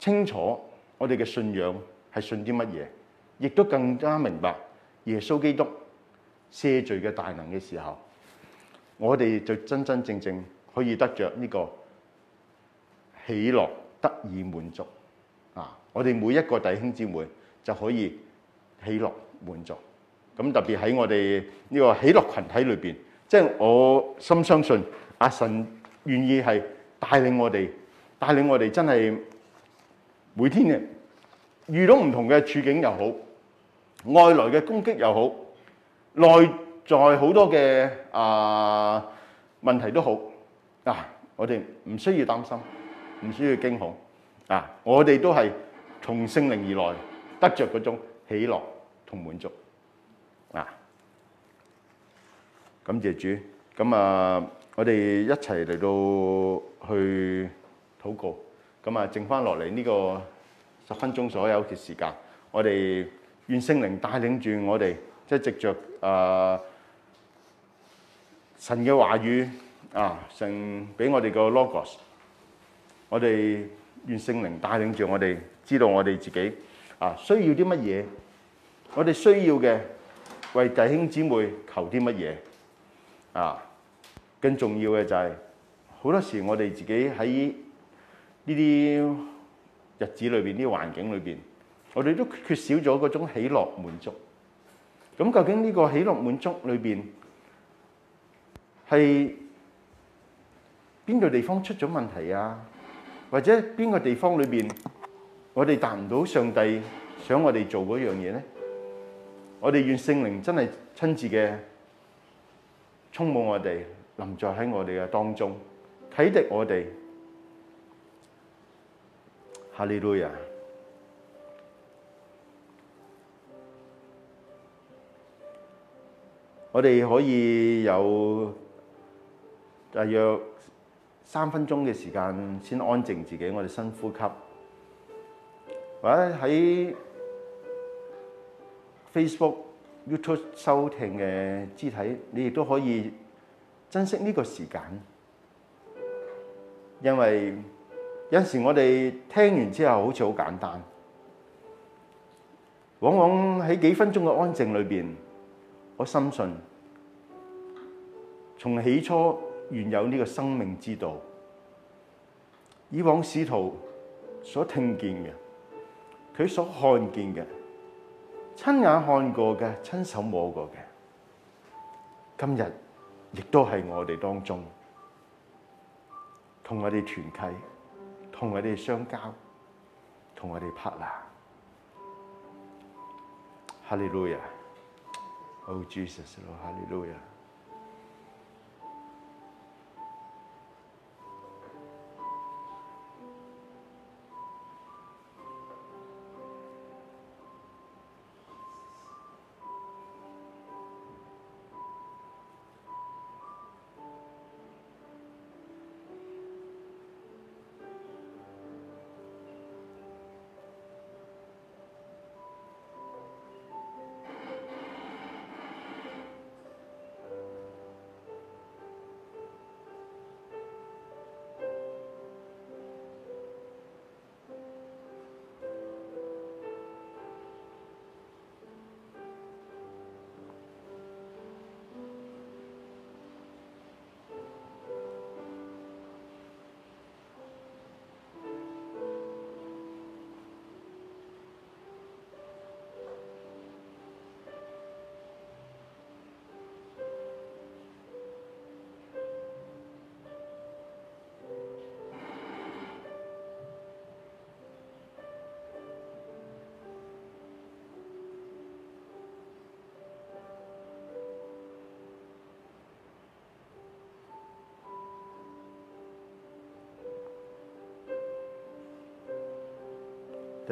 清楚我哋嘅信仰係信啲乜嘢，亦都更加明白耶穌基督赦罪嘅大能嘅時候，我哋就真真正正可以得着呢個喜樂。得以滿足啊！我哋每一個弟兄姊妹就可以喜樂滿足。咁特別喺我哋呢個喜樂羣體裏邊，即係我深相信阿神願意係帶領我哋，帶領我哋真係每天嘅遇到唔同嘅處境又好，外來嘅攻擊又好，內在好多嘅啊問題都好啊！我哋唔需要擔心。唔需要驚恐啊！我哋都係從聖靈而來，得著嗰種喜樂同滿足啊！感謝主，咁啊，我哋一齊嚟到去禱告，咁啊，剩翻落嚟呢個十分鐘所有嘅時間，我哋願聖靈帶領住我哋，即係藉著啊神嘅話語啊，神俾我哋個 Logos。我哋願聖靈帶領住我哋，知道我哋自己啊需要啲乜嘢，我哋需要嘅為弟兄姊妹求啲乜嘢啊。更重要嘅就係好多時我哋自己喺呢啲日子裏邊，呢啲環境裏邊，我哋都缺少咗嗰種喜樂滿足。咁究竟呢個喜樂滿足裏邊係邊個地方出咗問題啊？或者邊個地方裏面，我哋達唔到上帝想我哋做嗰樣嘢呢？我哋願聖靈真係親自嘅充滿我哋，臨在喺我哋嘅當中，啟迪我哋。哈利路亞！我哋可以有大約。三分鐘嘅時間，先安靜自己，我哋深呼吸，或者喺 Facebook、YouTube 收聽嘅肢體，你亦都可以珍惜呢個時間。因為有時我哋聽完之後好似好簡單，往往喺幾分鐘嘅安靜裏面，我深信從起初。原有呢個生命之道，以往使徒所聽見嘅，佢所看見嘅，親眼看過嘅，親手摸過嘅，今日亦都係我哋當中，同我哋團契，同我哋相交，同我哋 partner。哈利路亞，哦，耶穌咯，哈利路亞。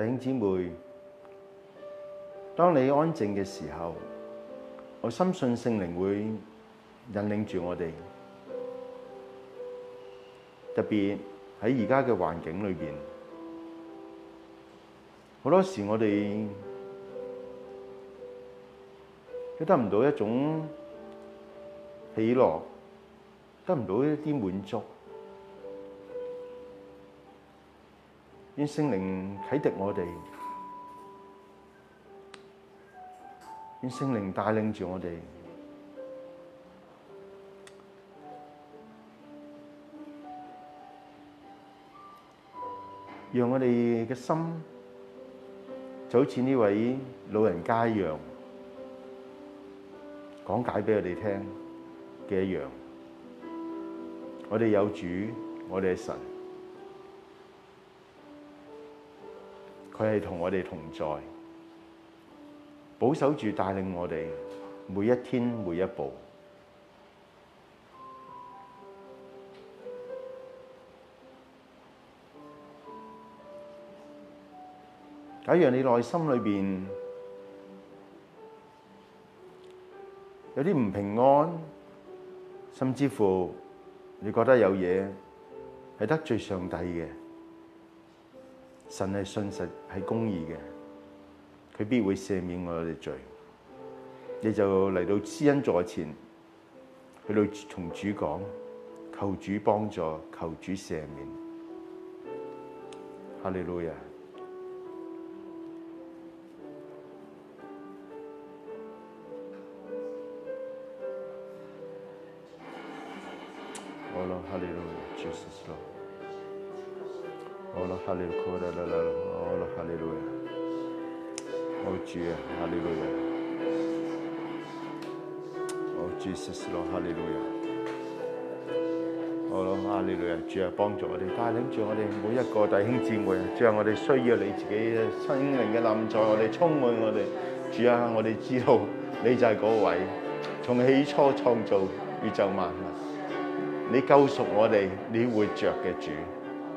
弟兄姊妹，當你安靜嘅時候，我深信聖靈會引領住我哋。特別喺而家嘅環境裏面。好多時我哋都得唔到一種喜樂，得唔到一啲滿足。願聖靈啟迪我哋，願聖靈帶領住我哋，讓我哋嘅心就好似呢位老人家一樣講解俾我哋聽嘅一樣。我哋有主，我哋有神。佢係同我哋同在，保守住帶領我哋每一天、每一步。假如你內心裏面有啲唔平安，甚至乎你覺得有嘢係得罪上帝嘅。神係信實係公義嘅，佢必會赦免我哋罪。你就嚟到施恩座前，去到同主講，求主幫助，求主赦免。哈利路亞。好啦，哈利路亞，就係咁阿羅哈利路亞啦啦啦！阿羅哈利路亞，主耶！哈利路亞，主時時落哈利路人，阿羅哈利路人。主啊，幫助我哋。帶領住我哋每一個弟兄姊妹，最後我哋需要你自己嘅生靈嘅臨在，我哋充滿我哋。主啊，我哋知道你就係嗰位，從起初創造宇宙萬物，你救贖我哋，你會着嘅主。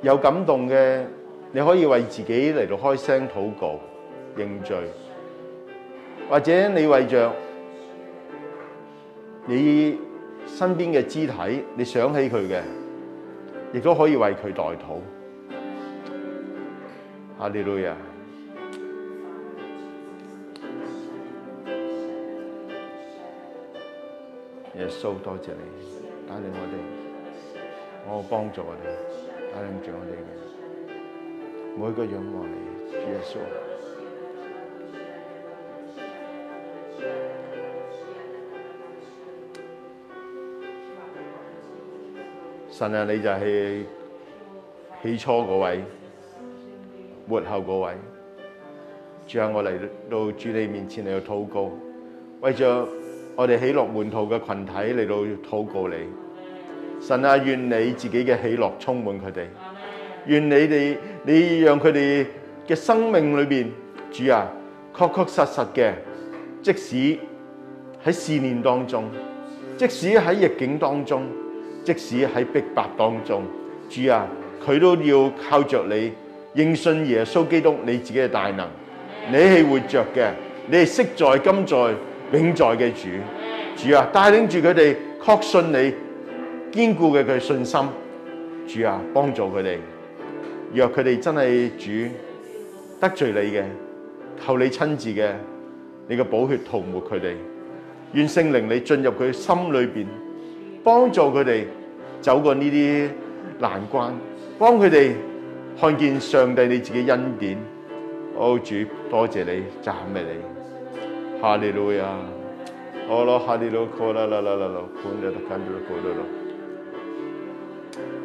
有感動嘅，你可以為自己嚟到開聲禱告、認罪。或者你為著，阿恩主我哋嘅每個仰望你，主耶穌，神啊，你就係起初嗰位，末後嗰位，住喺我嚟到主你面前嚟到禱告，為着我哋喜樂滿途嘅群體嚟到禱告你。神啊，願你自己嘅喜樂充滿佢哋，願你哋，你讓佢哋嘅生命裏邊，主啊，確確實實嘅，即使喺試煉當中，即使喺逆境當中，即使喺逼迫當中，主啊，佢都要靠着你，應信耶穌基督你自己嘅大能，你係活着嘅，你係昔在今在永在嘅主，主啊，帶領住佢哋確信你。堅固嘅佢信心，主啊，幫助佢哋。若佢哋真係主得罪你嘅，求你親自嘅，你嘅寶血塗抹佢哋。願聖靈你進入佢心裏邊，幫助佢哋走過呢啲難關，幫佢哋看見上帝你自己恩典。哦，主多謝你讚美你，哈利路亞。哦咯，哈利路，可啦啦啦啦啦，功德大功德可多咯。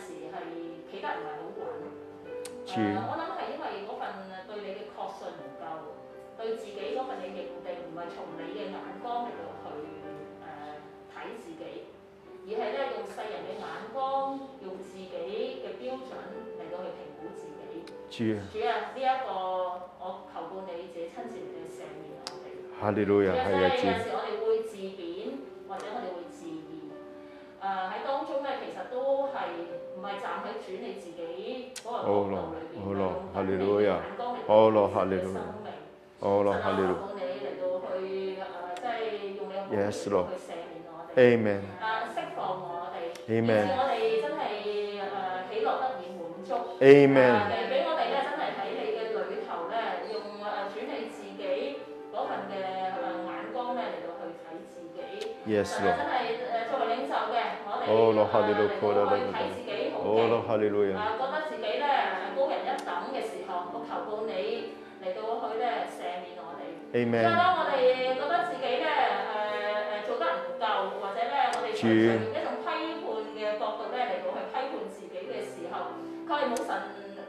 時係企得唔係好穩，我諗係因為嗰份對你嘅確信唔夠，對自己份嘅認定唔係從你嘅眼光嚟到去誒睇、呃、自己，而係咧用世人嘅眼光，用自己嘅標準嚟到去評估自己。主啊，呢、啊、一個我求過你自己親自嚟寫完我哋。下你老人家係啊，呀有時我哋會自貶，或者我哋會。誒喺、啊、當中咧，其實都係唔係站喺轉你自己嗰個角度裏邊，用你嘅眼光嚟到去審明，哦、啊、咯，哈哦咯，哈到你嚟到去誒，即係用你嘅眼光 Yes, Lord. 去赦免我哋，Amen，、啊、釋放我哋，Amen，我哋真係誒、啊、喜樂得以滿足，Amen，俾、啊、我哋咧真係喺你嘅裏頭咧，用誒、啊、轉你自己份嘅誒、啊、眼光咧嚟到去睇自己 y Yes, Lord.、啊、真係。真哦，落下你老婆啦，落下你啊，覺得自己咧誒高人一等嘅時候，我求告你嚟到去咧赦免我哋。Amen，所以咧，我哋覺得自己咧誒誒做得唔夠，或者咧我哋常常用一種批判嘅角度咧嚟到去批判自己嘅時候，佢係冇神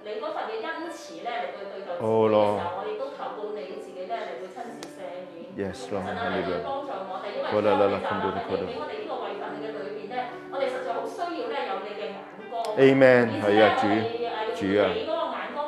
你份嘅恩慈咧嚟去對待自己嘅時候，我亦都求告你自己咧嚟到親自赦免。Yes，落下你老婆。好啦好啦，分別得佢啦。Amen 係啊，們主，啊主啊，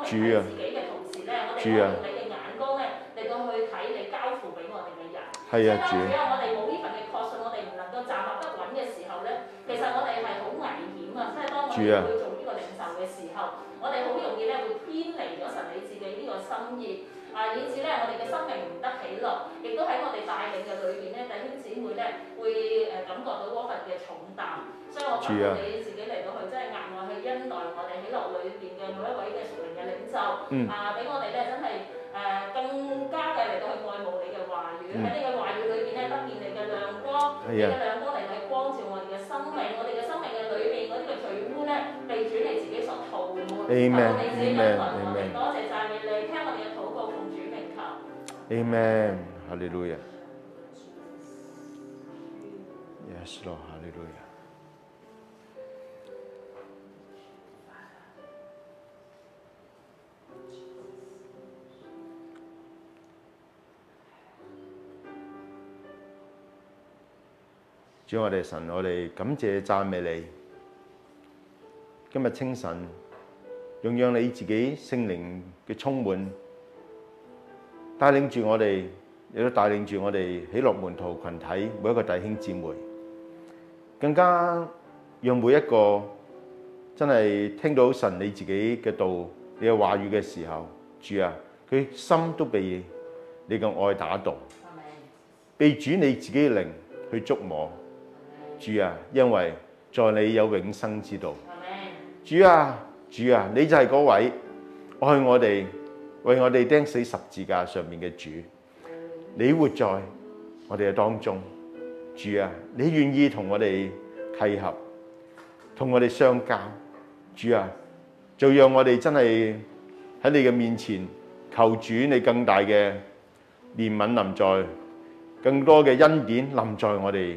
主啊，自己嘅同事咧，主啊，你嘅眼光咧，嚟到去睇你交付俾我哋嘅人，係啊，主啊，我哋冇呢份嘅確信，我哋唔能夠站立得穩嘅時候咧，其實我哋係好危險啊！即係當我哋去做呢個領袖嘅時候，我哋好容易咧會偏離咗神你自己呢個心意啊，以致咧我哋嘅生命唔得喜樂。亦都喺我哋帶領嘅裏面咧，弟兄姊妹咧會誒感覺到嗰份嘅重擔，所以我提醒你。我哋喺落裏邊嘅每一位嘅屬靈嘅領袖，啊，俾我哋咧真係誒更加嘅嚟到去愛慕你嘅話語喺呢個話語裏邊咧，得見你嘅亮光，你嘅亮光嚟到去光照我哋嘅生命，我哋嘅生命嘅裏面嗰啲嘅罪污咧被轉嚟自己所逃亡嘅地方，謝謝主，多謝讚美你，聽我哋嘅禱告奉主名求。阿門，哈利路亞。Yes，Lord，哈利路亞。主我哋神，我哋感謝讚美你。今日清晨，用你自己聖靈嘅充滿，帶領住我哋，亦都帶領住我哋喜樂門徒群體每一個弟兄姊妹，更加讓每一個真係聽到神你自己嘅道、你嘅話語嘅時候，主啊，佢心都被你嘅愛打動，被主你自己嘅靈去觸摸。主啊，因為在你有永生之道。主啊，主啊，你就係嗰位愛我哋、為我哋釘死十字架上面嘅主。你活在我哋嘅當中，主啊，你願意同我哋契合，同我哋相交。主啊，就讓我哋真係喺你嘅面前求主，你更大嘅憐憫臨在，更多嘅恩典臨在我哋。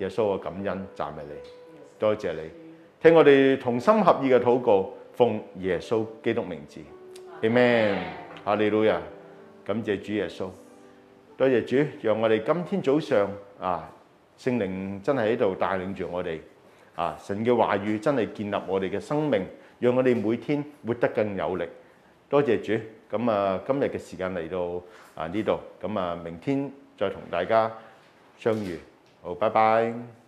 耶穌嘅感恩讚美你，多謝你聽我哋同心合意嘅禱告，奉耶穌基督名字，Amen。哈利路亞，感謝主耶穌，多謝主，讓我哋今天早上啊，聖靈真係喺度帶領住我哋啊，神嘅話語真係建立我哋嘅生命，讓我哋每天活得更有力。多謝主，咁啊，今日嘅時間嚟到啊呢度，咁啊，明天再同大家相遇。哦，拜拜。